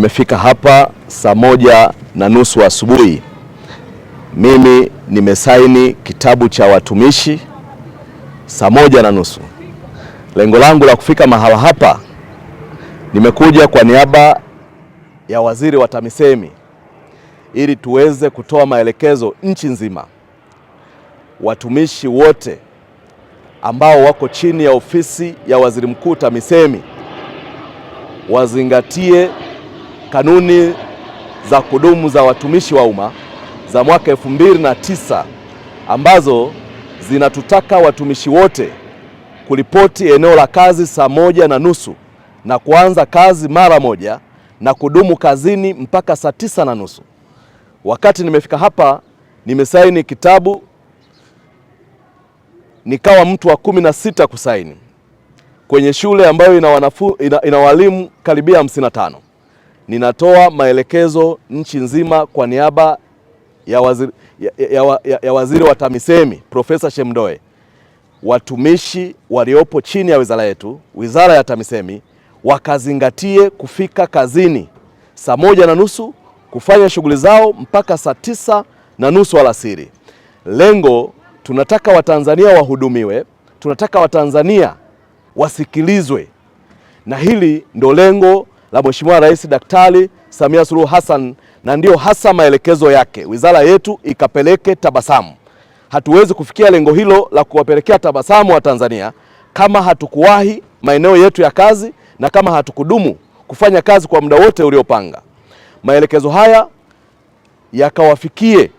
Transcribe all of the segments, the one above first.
Nimefika hapa saa moja na nusu asubuhi. Mimi nimesaini kitabu cha watumishi saa moja na nusu. Lengo langu la kufika mahala hapa, nimekuja kwa niaba ya waziri wa TAMISEMI ili tuweze kutoa maelekezo nchi nzima, watumishi wote ambao wako chini ya ofisi ya waziri mkuu TAMISEMI wazingatie kanuni za kudumu za watumishi wa umma za mwaka elfu mbili na tisa ambazo zinatutaka watumishi wote kulipoti eneo la kazi saa moja na nusu na kuanza kazi mara moja na kudumu kazini mpaka saa tisa na nusu. Wakati nimefika hapa nimesaini kitabu nikawa mtu wa kumi na sita kusaini kwenye shule ambayo ina wanafu, ina, ina walimu karibia hamsini na tano ninatoa maelekezo nchi nzima kwa niaba ya waziri, ya, ya, ya, ya waziri wa TAMISEMI Profesa Shemdoe, watumishi waliopo chini ya wizara yetu, wizara ya TAMISEMI wakazingatie kufika kazini saa moja na nusu kufanya shughuli zao mpaka saa tisa na nusu alasiri. Lengo, tunataka Watanzania wahudumiwe, tunataka Watanzania wasikilizwe, na hili ndo lengo la Mheshimiwa Rais Daktari Samia Suluhu Hassan, na ndiyo hasa maelekezo yake, wizara yetu ikapeleke tabasamu. Hatuwezi kufikia lengo hilo la kuwapelekea tabasamu wa Tanzania kama hatukuwahi maeneo yetu ya kazi na kama hatukudumu kufanya kazi kwa muda wote uliopanga. Maelekezo haya yakawafikie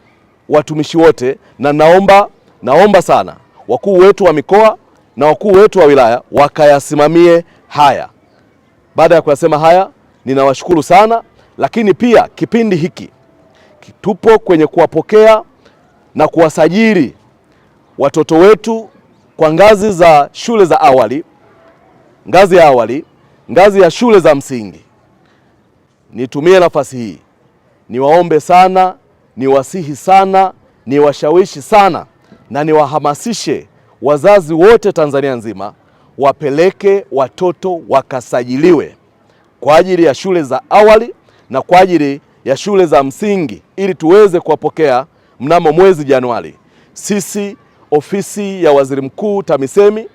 watumishi wote, na naomba naomba sana wakuu wetu wa mikoa na wakuu wetu wa wilaya wakayasimamie haya. Baada ya kuyasema haya, ninawashukuru sana, lakini pia kipindi hiki tupo kwenye kuwapokea na kuwasajili watoto wetu kwa ngazi za shule za awali, ngazi ya awali, ngazi ya shule za msingi. Nitumie nafasi hii niwaombe sana, niwasihi sana, niwashawishi sana na niwahamasishe wazazi wote Tanzania nzima wapeleke watoto wakasajiliwe kwa ajili ya shule za awali na kwa ajili ya shule za msingi ili tuweze kuwapokea mnamo mwezi Januari. Sisi ofisi ya Waziri Mkuu TAMISEMI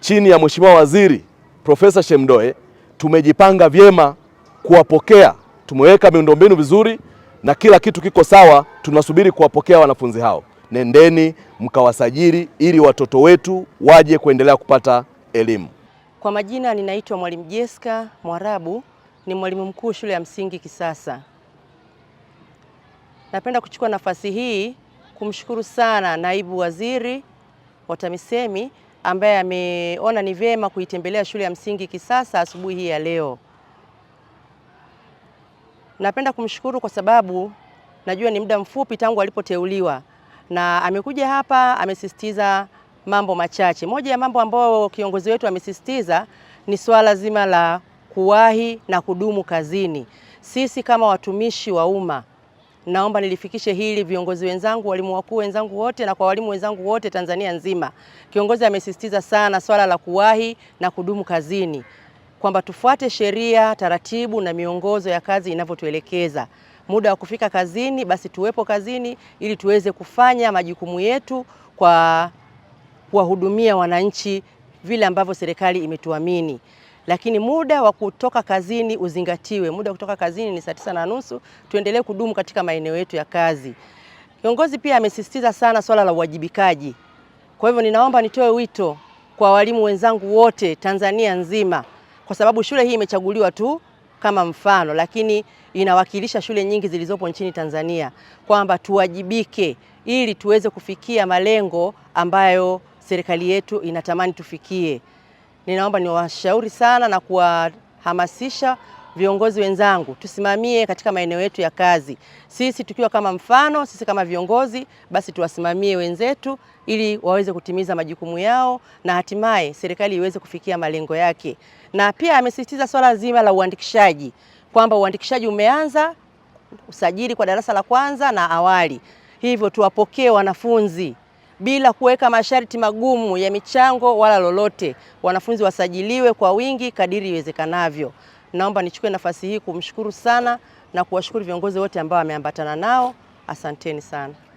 chini ya Mheshimiwa Waziri Profesa Shemdoe tumejipanga vyema kuwapokea, tumeweka miundombinu vizuri na kila kitu kiko sawa, tunasubiri kuwapokea wanafunzi hao. Nendeni mkawasajili ili watoto wetu waje kuendelea kupata elimu. Kwa majina ninaitwa Mwalimu Jeska Mwarabu, ni mwalimu mkuu shule ya msingi Kisasa. Napenda kuchukua nafasi hii kumshukuru sana naibu waziri wa TAMISEMI ambaye ameona ni vyema kuitembelea shule ya msingi Kisasa asubuhi hii ya leo. Napenda kumshukuru kwa sababu najua ni muda mfupi tangu alipoteuliwa na amekuja hapa, amesisitiza mambo machache. Moja ya mambo ambayo kiongozi wetu amesisitiza ni swala zima la kuwahi na kudumu kazini. Sisi kama watumishi wa umma, naomba nilifikishe hili viongozi wenzangu, walimu wakuu wenzangu wote, na kwa walimu wenzangu wote Tanzania nzima. Kiongozi amesisitiza sana swala la kuwahi na kudumu kazini, kwamba tufuate sheria, taratibu na miongozo ya kazi inavyotuelekeza. Muda wa kufika kazini, basi tuwepo kazini ili tuweze kufanya majukumu yetu kwa kuwahudumia wananchi vile ambavyo serikali imetuamini. Lakini muda wa kutoka kazini uzingatiwe. Muda wa kutoka kazini ni saa tisa na nusu. Tuendelee kudumu katika maeneo yetu ya kazi. Kiongozi pia amesisitiza sana swala la uwajibikaji. Kwa hivyo ninaomba nitoe wito kwa walimu wenzangu wote Tanzania nzima, kwa sababu shule hii imechaguliwa tu kama mfano, lakini inawakilisha shule nyingi zilizopo nchini Tanzania, kwamba tuwajibike ili tuweze kufikia malengo ambayo serikali yetu inatamani tufikie. Ninaomba niwashauri sana na kuwahamasisha viongozi wenzangu tusimamie katika maeneo yetu ya kazi. Sisi tukiwa kama mfano, sisi kama viongozi, basi tuwasimamie wenzetu ili waweze kutimiza majukumu yao na hatimaye serikali iweze kufikia malengo yake. Na pia amesisitiza swala zima la uandikishaji kwamba uandikishaji umeanza usajili kwa darasa la kwanza na awali, Hivyo tuwapokee wanafunzi bila kuweka masharti magumu ya michango wala lolote. Wanafunzi wasajiliwe kwa wingi kadiri iwezekanavyo. Naomba nichukue nafasi hii kumshukuru sana na kuwashukuru viongozi wote ambao wameambatana nao. Asanteni sana.